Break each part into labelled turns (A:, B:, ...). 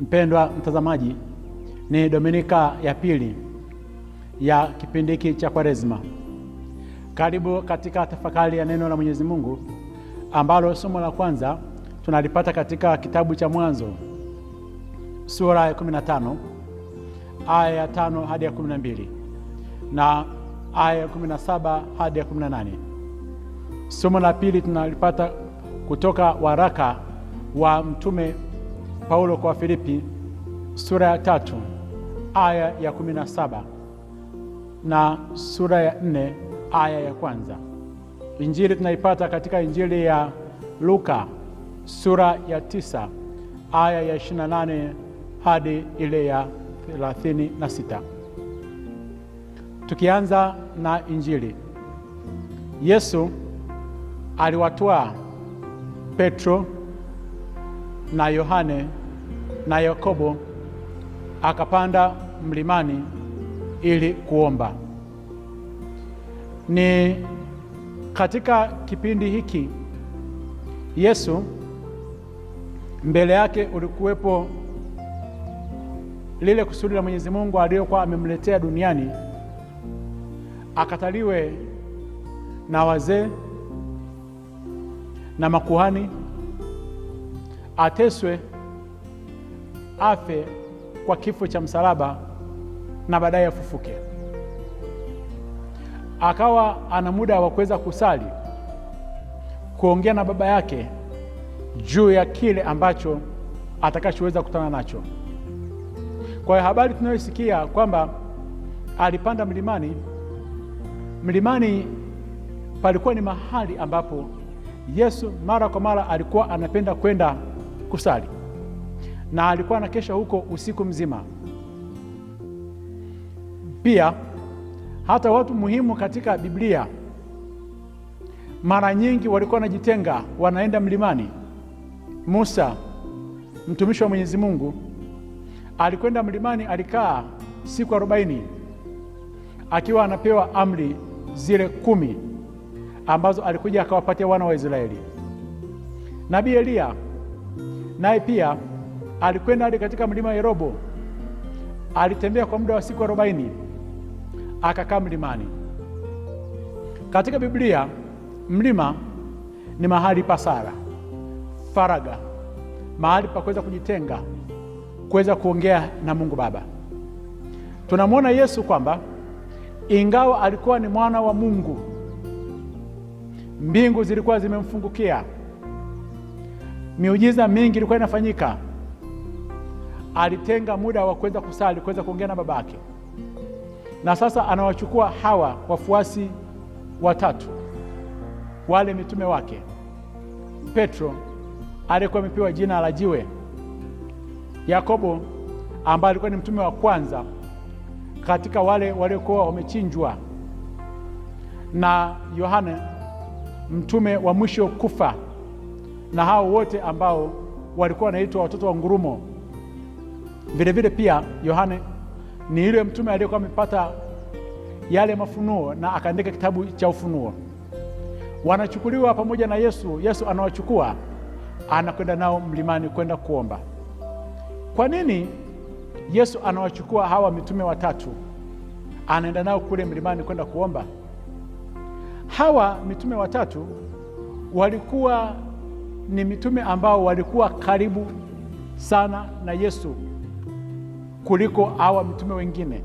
A: Mpendwa mtazamaji, ni dominika ya pili ya kipindi hiki cha Kwaresma. Karibu katika tafakari ya neno la Mwenyezi Mungu ambalo somo la kwanza tunalipata katika kitabu cha Mwanzo sura ya 15 aya ya 5 hadi ya 12 na aya ya 17 hadi ya 18. Somo la pili tunalipata kutoka waraka wa mtume Paulo kwa Filipi sura ya tatu aya ya kumi na saba na sura ya nne aya ya kwanza. Injili tunaipata katika Injili ya Luka sura ya tisa aya ya ishirini na nane hadi ile ya thelathini na sita. Tukianza na Injili, Yesu aliwatwaa Petro na Yohane na Yakobo akapanda mlimani ili kuomba. Ni katika kipindi hiki Yesu mbele yake ulikuwepo lile kusudi la Mwenyezi Mungu aliyokuwa amemletea duniani, akataliwe na wazee na makuhani, ateswe afe kwa kifo cha msalaba na baadaye afufuke. Akawa ana muda wa kuweza kusali, kuongea na baba yake juu ya kile ambacho atakachoweza kutana nacho. Kwa hiyo habari tunayosikia kwamba alipanda mlimani, mlimani palikuwa ni mahali ambapo Yesu mara kwa mara alikuwa anapenda kwenda kusali na alikuwa anakesha huko usiku mzima. Pia hata watu muhimu katika Biblia mara nyingi walikuwa wanajitenga, wanaenda mlimani. Musa mtumishi wa Mwenyezi Mungu alikwenda mlimani, alikaa siku arobaini akiwa anapewa amri zile kumi ambazo alikuja akawapatia wana wa Israeli. Nabii Eliya naye pia alikwenda hadi katika mlima Yerobo, alitembea kwa muda wa siku arobaini akakaa mlimani. Katika Biblia mlima ni mahali pa sala, faraga, mahali pa kuweza kujitenga, kuweza kuongea na Mungu Baba. Tunamwona Yesu kwamba ingawa alikuwa ni mwana wa Mungu, mbingu zilikuwa zimemfungukia, miujiza mingi ilikuwa inafanyika, alitenga muda wa kuweza kusali, kuweza kuongea na baba na sasa anawachukua hawa wafuasi watatu wale mitume wake. Petro aliyekuwa amepewa jina la jiwe. Yakobo ambaye alikuwa ni mtume wa kwanza katika wale waliokuwa wamechinjwa, na Yohane mtume wa mwisho kufa, na hao wote ambao walikuwa wanaitwa watoto wa ngurumo. Vilevile pia Yohane ni yule mtume aliyekuwa amepata yale mafunuo na akaandika kitabu cha Ufunuo. Wanachukuliwa pamoja na Yesu, Yesu anawachukua anakwenda nao mlimani kwenda kuomba. Kwa nini Yesu anawachukua hawa mitume watatu anaenda nao kule mlimani kwenda kuomba? Hawa mitume watatu walikuwa ni mitume ambao walikuwa karibu sana na Yesu kuliko hawa mitume wengine.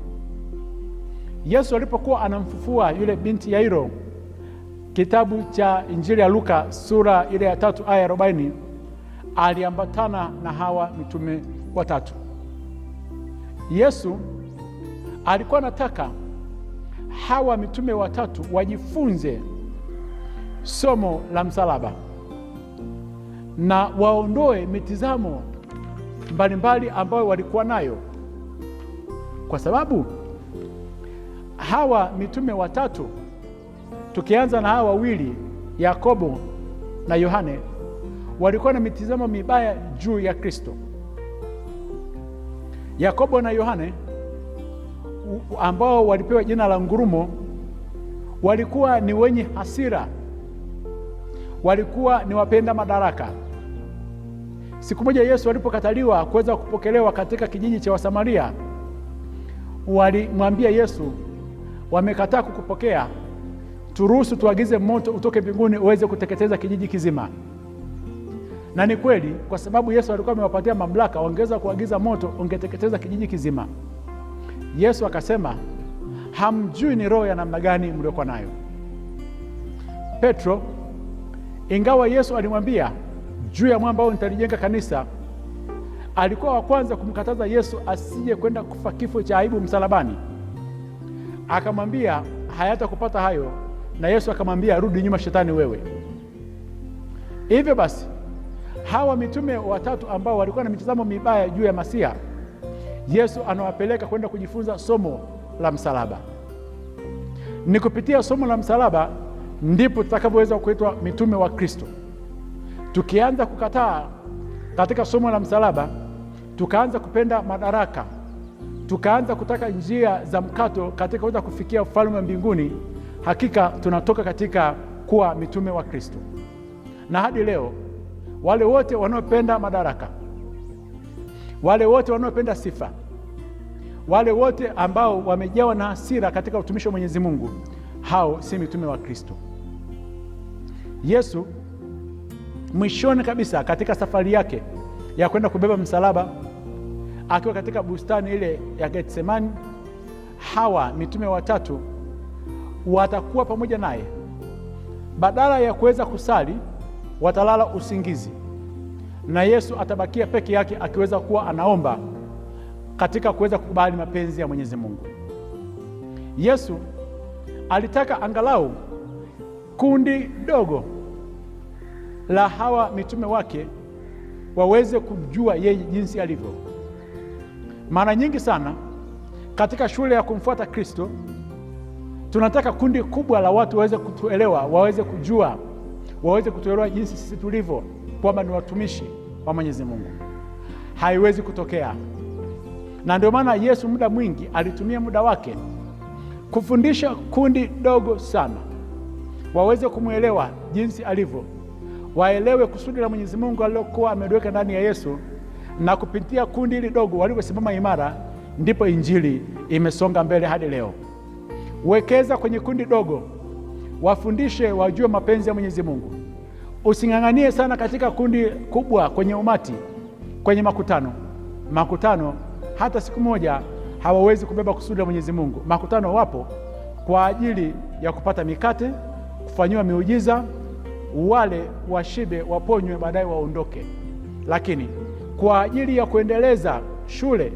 A: Yesu alipokuwa anamfufua yule binti Yairo, kitabu cha Injili ya Luka sura ile ya tatu aya arobaini aliambatana na hawa mitume watatu. Yesu alikuwa anataka hawa mitume watatu wajifunze somo la msalaba na waondoe mitizamo mbalimbali ambayo walikuwa nayo kwa sababu hawa mitume watatu tukianza na hawa wawili Yakobo na Yohane walikuwa na mitizamo mibaya juu ya Kristo. Yakobo na Yohane ambao walipewa jina la ngurumo, walikuwa ni wenye hasira, walikuwa ni wapenda madaraka. Siku moja Yesu alipokataliwa kuweza kupokelewa katika kijiji cha Wasamaria walimwambia Yesu, wamekataa kukupokea, turuhusu tuagize moto utoke mbinguni uweze kuteketeza kijiji kizima. Na ni kweli, kwa sababu Yesu alikuwa amewapatia mamlaka, wangeweza kuagiza moto ungeteketeza kijiji kizima. Yesu akasema, hamjui ni roho ya namna gani mliokuwa nayo. Petro, ingawa Yesu alimwambia juu ya mwamba huu nitalijenga kanisa alikuwa wa kwanza kumkataza Yesu asije kwenda kufa kifo cha aibu msalabani, akamwambia hayata kupata hayo, na Yesu akamwambia rudi nyuma, shetani wewe. Hivyo basi hawa mitume watatu ambao walikuwa na mitazamo mibaya juu ya Masiha, Yesu anawapeleka kwenda kujifunza somo la msalaba. Ni kupitia somo la msalaba ndipo tutakavyoweza kuitwa mitume wa Kristo. Tukianza kukataa katika somo la msalaba tukaanza kupenda madaraka, tukaanza kutaka njia za mkato katika kuweza kufikia ufalme wa mbinguni, hakika tunatoka katika kuwa mitume wa Kristo. Na hadi leo wale wote wanaopenda madaraka, wale wote wanaopenda sifa, wale wote ambao wamejawa na hasira katika utumishi wa Mwenyezi Mungu, hao si mitume wa Kristo. Yesu mwishoni kabisa katika safari yake ya kwenda kubeba msalaba akiwa katika bustani ile ya Getsemani. Hawa mitume watatu watakuwa pamoja naye, badala ya kuweza kusali watalala usingizi, na Yesu atabakia peke yake akiweza kuwa anaomba katika kuweza kukubali mapenzi ya Mwenyezi Mungu. Yesu alitaka angalau kundi dogo la hawa mitume wake waweze kumjua yeye jinsi alivyo. Mara nyingi sana katika shule ya kumfuata Kristo tunataka kundi kubwa la watu waweze kutuelewa, waweze kujua, waweze kutuelewa jinsi sisi tulivyo, kwamba ni watumishi wa Mwenyezi Mungu. Haiwezi kutokea, na ndio maana Yesu muda mwingi alitumia muda wake kufundisha kundi dogo sana waweze kumwelewa jinsi alivyo waelewe kusudi la Mwenyezi Mungu alilokuwa ameliweka ndani ya Yesu, na kupitia kundi hili dogo walivyosimama imara, ndipo injili imesonga mbele hadi leo. Wekeza kwenye kundi dogo, wafundishe wajue mapenzi ya Mwenyezi Mungu. Using'ang'anie sana katika kundi kubwa, kwenye umati, kwenye makutano. Makutano hata siku moja hawawezi kubeba kusudi la Mwenyezi Mungu. Makutano wapo kwa ajili ya kupata mikate, kufanyiwa miujiza wale washibe, waponywe, baadaye waondoke. Lakini kwa ajili ya kuendeleza shule,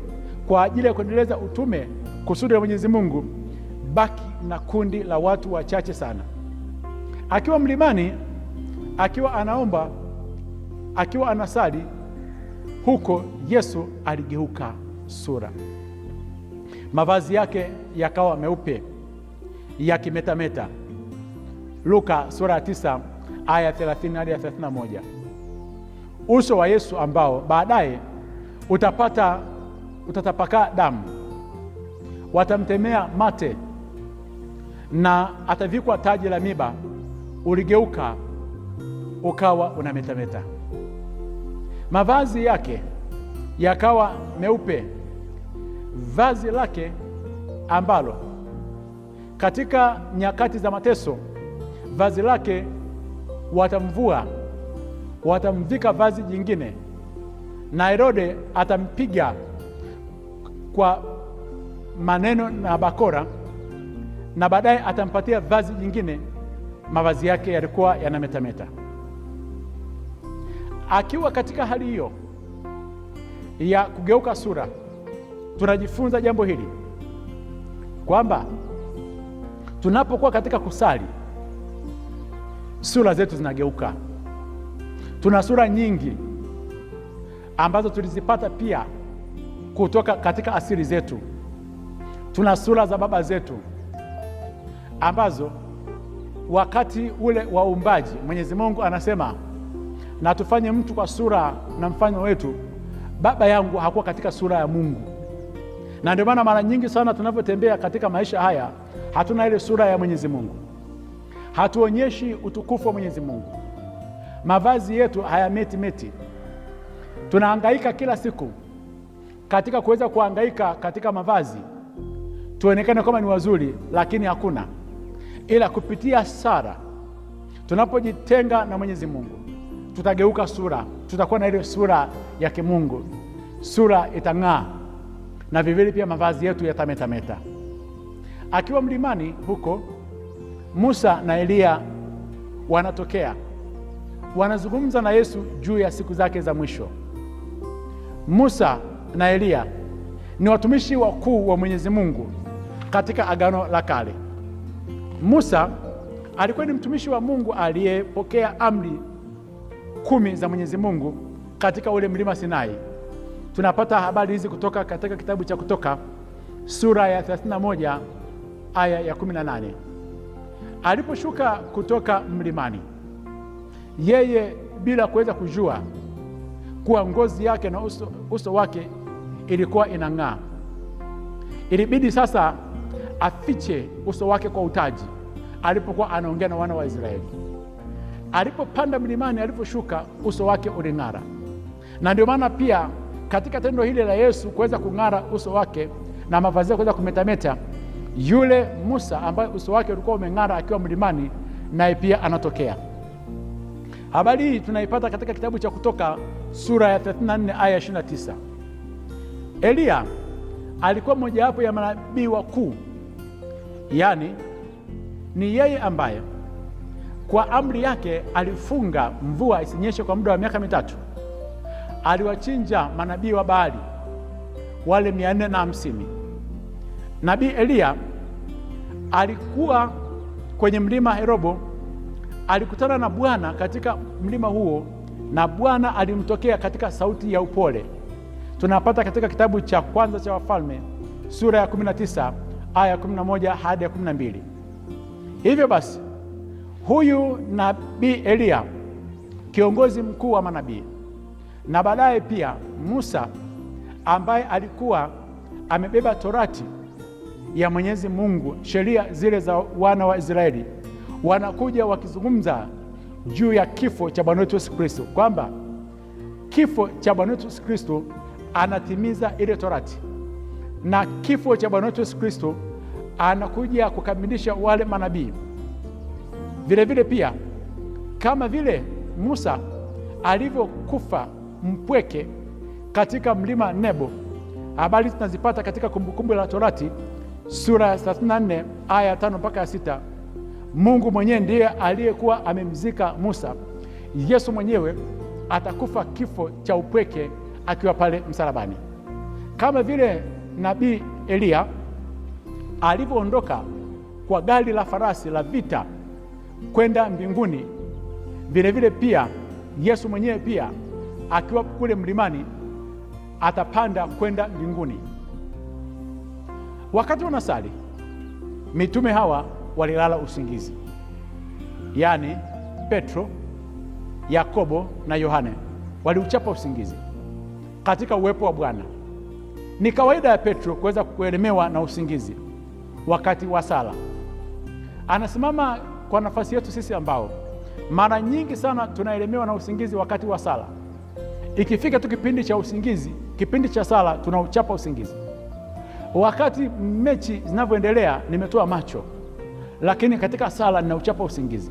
A: kwa ajili ya kuendeleza utume, kusudi la Mwenyezi Mungu, baki na kundi la watu wachache sana, akiwa mlimani, akiwa anaomba, akiwa anasali huko. Yesu aligeuka sura, mavazi yake yakawa meupe kimetameta. Luka sura ya tisa aya 30 hadi 31, uso wa Yesu ambao baadaye utapata utatapakaa damu, watamtemea mate na atavikwa taji la miba, uligeuka ukawa unametameta. Mavazi yake yakawa meupe, vazi lake ambalo katika nyakati za mateso vazi lake watamvua, watamvika vazi jingine, na Herode atampiga kwa maneno na bakora, na baadaye atampatia vazi jingine. Mavazi yake yalikuwa yanametameta. Akiwa katika hali hiyo ya kugeuka sura, tunajifunza jambo hili kwamba tunapokuwa katika kusali sura zetu zinageuka. Tuna sura nyingi ambazo tulizipata pia kutoka katika asili zetu. Tuna sura za baba zetu ambazo wakati ule wa uumbaji Mwenyezi Mungu anasema na tufanye mtu kwa sura na mfano wetu. Baba yangu hakuwa katika sura ya Mungu, na ndio maana mara nyingi sana tunavyotembea katika maisha haya hatuna ile sura ya Mwenyezi Mungu hatuonyeshi utukufu wa Mwenyezi Mungu. Mavazi yetu hayameti meti, tunahangaika kila siku katika kuweza kuhangaika katika mavazi tuonekane kama ni wazuri, lakini hakuna ila kupitia sara. Tunapojitenga na Mwenyezi Mungu tutageuka sura, tutakuwa na ile sura ya kimungu, sura itang'aa, na vivili pia mavazi yetu yatametameta. Akiwa mlimani huko Musa na Eliya wanatokea, wanazungumza na Yesu juu ya siku zake za mwisho. Musa na Eliya ni watumishi wakuu wa Mwenyezi Mungu katika Agano la Kale. Musa alikuwa ni mtumishi wa Mungu aliyepokea amri kumi za Mwenyezi Mungu katika ule mlima Sinai. Tunapata habari hizi kutoka katika kitabu cha Kutoka sura ya 31 aya ya 18. Aliposhuka kutoka mlimani, yeye bila kuweza kujua kuwa ngozi yake na uso, uso wake ilikuwa inang'aa, ilibidi sasa afiche uso wake kwa utaji alipokuwa anaongea na wana wa Israeli. Alipopanda mlimani, aliposhuka uso wake uling'ara, na ndio maana pia katika tendo hili la Yesu kuweza kung'ara uso wake na mavazi yake kuweza kumetameta yule Musa ambaye uso wake ulikuwa umeng'ara akiwa mlimani, naye pia anatokea. Habari hii tunaipata katika kitabu cha Kutoka sura ya 34 aya 29. Eliya alikuwa mojawapo ya manabii wakuu, yaani ni yeye ambaye kwa amri yake alifunga mvua isinyeshe kwa muda wa miaka mitatu. Aliwachinja manabii wa Baali wale mia nne na hamsini Nabii Eliya alikuwa kwenye mlima Herobo, alikutana na Bwana katika mlima huo, na Bwana alimtokea katika sauti ya upole. Tunapata katika kitabu cha kwanza cha Wafalme sura ya 19 aya ya 11 hadi ya 12. Hivyo basi huyu nabii Eliya kiongozi mkuu wa manabii na baadaye pia Musa ambaye alikuwa amebeba torati ya Mwenyezi Mungu, sheria zile za wana wa Israeli, wanakuja wakizungumza juu ya kifo cha Bwana wetu Yesu Kristo, kwamba kifo cha Bwana wetu Yesu Kristo anatimiza ile torati, na kifo cha Bwana wetu Yesu Kristo anakuja kukamilisha wale manabii. Vilevile pia kama vile Musa alivyokufa mpweke katika mlima Nebo, habari tunazipata katika Kumbukumbu la Torati sura ya 34 aya ya tano mpaka ya sita. Mungu mwenyewe ndiye aliyekuwa amemzika Musa. Yesu mwenyewe atakufa kifo cha upweke akiwa pale msalabani, kama vile nabii Eliya alivyoondoka kwa gari la farasi la vita kwenda mbinguni, vilevile vile pia Yesu mwenyewe pia akiwa kule mlimani atapanda kwenda mbinguni. Wakati wanasali mitume hawa walilala usingizi, yaani Petro, Yakobo na Yohane waliuchapa usingizi katika uwepo wa Bwana. Ni kawaida ya Petro kuweza kuelemewa na usingizi wakati wa sala. Anasimama kwa nafasi yetu sisi ambao mara nyingi sana tunaelemewa na usingizi wakati wa sala. Ikifika tu kipindi cha usingizi, kipindi cha sala tunauchapa usingizi. Wakati mechi zinavyoendelea nimetoa macho, lakini katika sala ninauchapa usingizi.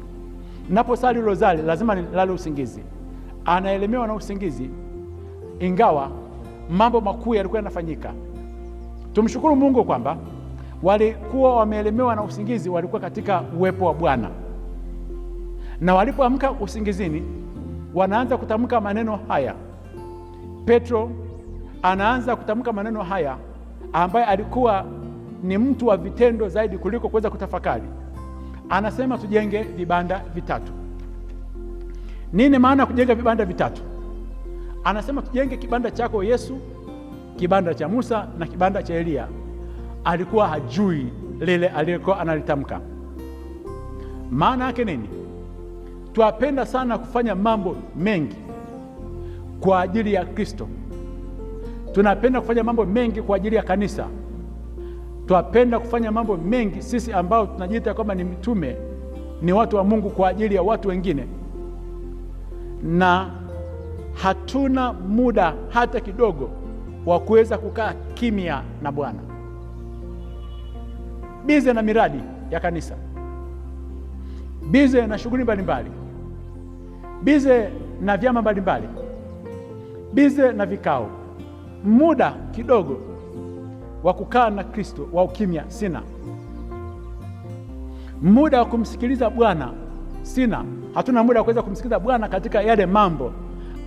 A: Naposali rozali lazima nilale usingizi, anaelemewa na usingizi, ingawa mambo makuu yalikuwa yanafanyika. Tumshukuru Mungu kwamba walikuwa wameelemewa na usingizi, walikuwa katika uwepo wa Bwana, na walipoamka usingizini, wanaanza kutamka maneno haya. Petro anaanza kutamka maneno haya ambaye alikuwa ni mtu wa vitendo zaidi kuliko kuweza kutafakari, anasema tujenge vibanda vitatu. Nini maana ya kujenga vibanda vitatu? Anasema tujenge kibanda chako Yesu, kibanda cha Musa na kibanda cha Eliya. Alikuwa hajui lile aliyekuwa analitamka. Maana yake nini? Twapenda sana kufanya mambo mengi kwa ajili ya Kristo Tunapenda kufanya mambo mengi kwa ajili ya kanisa, twapenda kufanya mambo mengi sisi ambao tunajiita kwamba ni mitume, ni watu wa Mungu kwa ajili ya watu wengine, na hatuna muda hata kidogo wa kuweza kukaa kimya na Bwana, bize na miradi ya kanisa, bize na shughuli mbalimbali, bize na vyama mbalimbali, bize na vikao muda kidogo wa kukaa na Kristo wa ukimya sina, muda wa kumsikiliza Bwana sina. Hatuna muda wa kuweza kumsikiliza Bwana katika yale mambo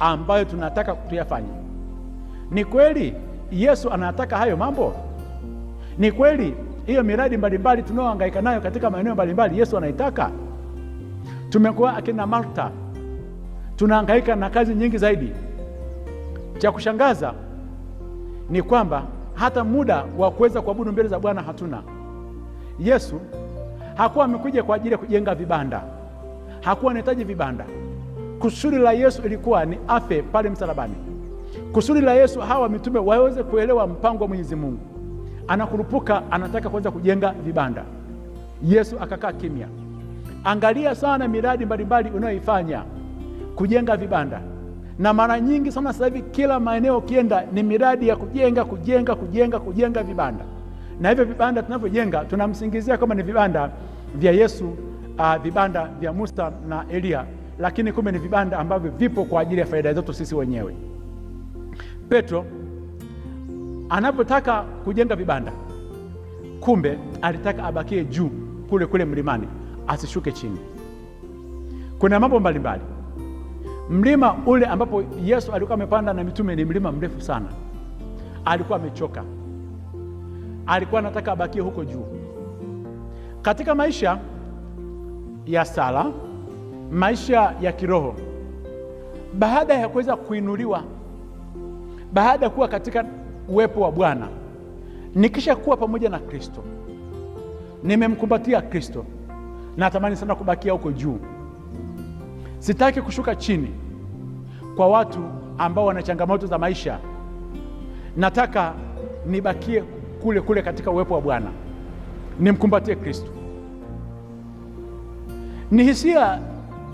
A: ambayo tunataka kutuyafanya. Ni kweli Yesu anataka hayo mambo, ni kweli hiyo miradi mbalimbali tunayohangaika nayo katika maeneo mbalimbali Yesu anaitaka. Tumekuwa akina Martha tunahangaika na kazi nyingi zaidi. Cha kushangaza ni kwamba hata muda wa kuweza kuabudu mbele za Bwana hatuna. Yesu hakuwa amekuja kwa ajili ya kujenga vibanda, hakuwa anahitaji vibanda. Kusudi la Yesu ilikuwa ni afe pale msalabani. Kusudi la Yesu hawa mitume waweze kuelewa mpango wa Mwenyezi Mungu. Anakurupuka, anataka kuanza kujenga vibanda. Yesu akakaa kimya. Angalia sana miradi mbalimbali unayoifanya kujenga vibanda na mara nyingi sana sasa hivi kila maeneo ukienda ni miradi ya kujenga kujenga kujenga kujenga vibanda, na hivyo vibanda tunavyojenga tunamsingizia kama ni vibanda vya Yesu, uh, vibanda vya Musa na Eliya, lakini kumbe ni vibanda ambavyo vipo kwa ajili ya faida zetu sisi wenyewe. Petro anapotaka kujenga vibanda, kumbe alitaka abakie juu kule kule mlimani, asishuke chini. Kuna mambo mbalimbali Mlima ule ambapo Yesu alikuwa amepanda na mitume ni mlima mrefu sana. Alikuwa amechoka, alikuwa anataka abakie huko juu. Katika maisha ya sala, maisha ya kiroho, baada ya kuweza kuinuliwa, baada ya kuwa katika uwepo wa Bwana, nikisha kuwa pamoja na Kristo, nimemkumbatia Kristo, natamani sana kubakia huko juu, sitaki kushuka chini kwa watu ambao wana changamoto za maisha. Nataka nibakie kule kule katika uwepo wa Bwana, nimkumbatie Kristo. Ni hisia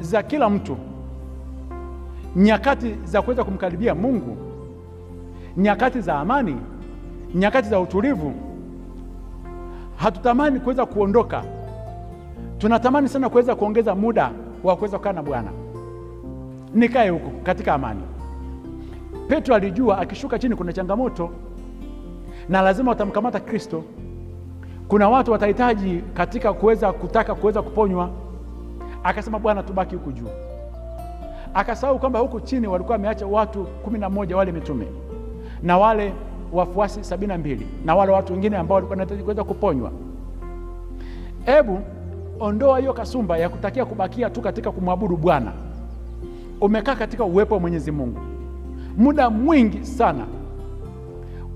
A: za kila mtu, nyakati za kuweza kumkaribia Mungu, nyakati za amani, nyakati za utulivu. Hatutamani kuweza kuondoka, tunatamani sana kuweza kuongeza muda wa kuweza kukaa na Bwana nikae huko katika amani. Petro alijua akishuka chini kuna changamoto na lazima watamkamata Kristo. Kuna watu watahitaji katika kuweza kutaka kuweza kuponywa. Akasema, Bwana, tubaki huku juu. Akasahau kwamba huku chini walikuwa wameacha watu kumi na moja wale mitume na wale wafuasi sabini na mbili na wale watu wengine ambao walikuwa wanahitaji kuweza kuponywa. Hebu ondoa hiyo kasumba ya kutakia kubakia tu katika kumwabudu Bwana umekaa katika uwepo wa Mwenyezi Mungu muda mwingi sana,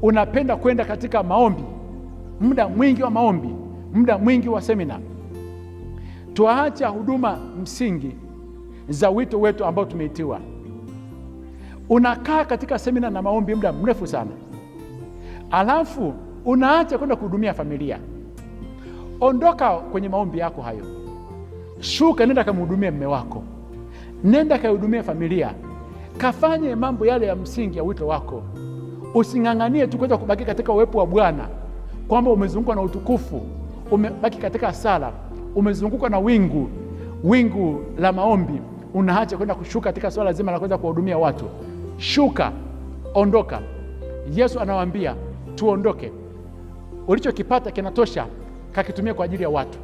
A: unapenda kwenda katika maombi, muda mwingi wa maombi, muda mwingi wa semina, tuacha huduma msingi za wito wetu ambao tumeitiwa. Unakaa katika semina na maombi muda mrefu sana, alafu unaacha kwenda kuhudumia familia. Ondoka kwenye maombi yako hayo, shuka, nenda kamhudumie mme wako. Nenda kaihudumia familia, kafanye mambo yale ya msingi ya wito wako. Using'ang'anie tu kuweza kubaki katika uwepo wa Bwana, kwamba umezungukwa na utukufu, umebaki katika sala, umezungukwa na wingu wingu la maombi, unaacha kwenda kushuka katika swala zima la kuweza kuwahudumia watu. Shuka, ondoka. Yesu anawaambia tuondoke, ulichokipata kinatosha, kakitumia kwa ajili ya watu.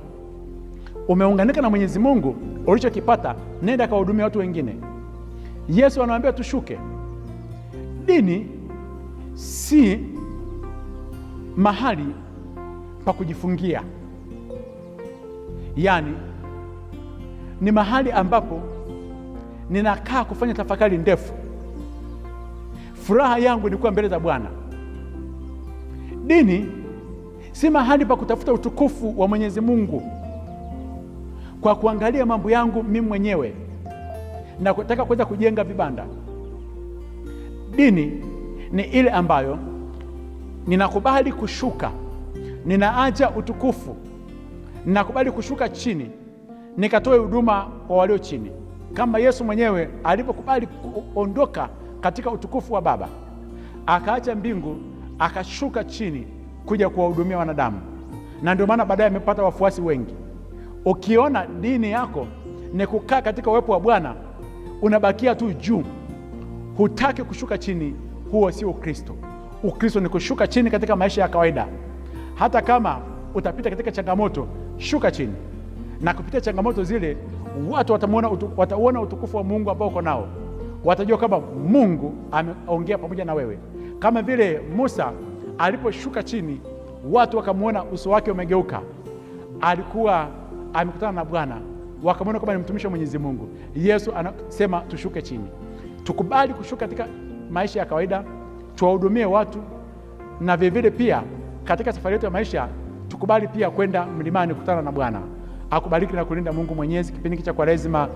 A: Umeunganika na Mwenyezi Mungu ulichokipata nenda kawahudumia watu wengine. Yesu anawaambia tushuke. Dini si mahali pa kujifungia, yaani ni mahali ambapo ninakaa kufanya tafakari ndefu. Furaha yangu ni kuwa mbele za Bwana. Dini si mahali pa kutafuta utukufu wa Mwenyezi Mungu kwa kuangalia mambo yangu mimi mwenyewe na kutaka kuweza kujenga vibanda. Dini ni ile ambayo ninakubali kushuka, ninaacha utukufu, ninakubali kushuka chini, nikatoe huduma kwa walio chini, kama Yesu mwenyewe alipokubali kuondoka katika utukufu wa Baba, akaacha mbingu, akashuka chini kuja kuwahudumia wanadamu, na ndio maana baadaye amepata wafuasi wengi. Ukiona dini yako ni kukaa katika uwepo wa Bwana, unabakia tu juu, hutaki kushuka chini, huo si Ukristo. Ukristo ni kushuka chini katika maisha ya kawaida. Hata kama utapita katika changamoto, shuka chini, na kupitia changamoto zile watu utu, watauona utukufu wa Mungu ambao uko nao, watajua kwamba Mungu ameongea pamoja na wewe, kama vile Musa aliposhuka chini, watu wakamwona uso wake umegeuka, alikuwa amekutana na Bwana, wakamwona kwamba ni mtumishi wa Mwenyezi Mungu. Yesu anasema tushuke chini, tukubali kushuka katika maisha ya kawaida, tuwahudumie watu, na vilevile pia katika safari yetu ya maisha tukubali pia kwenda mlimani kukutana na Bwana. Akubariki na kulinda Mungu Mwenyezi kipindi hiki cha Kwaresima.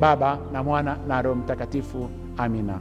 A: Baba na Mwana na Roho Mtakatifu. Amina.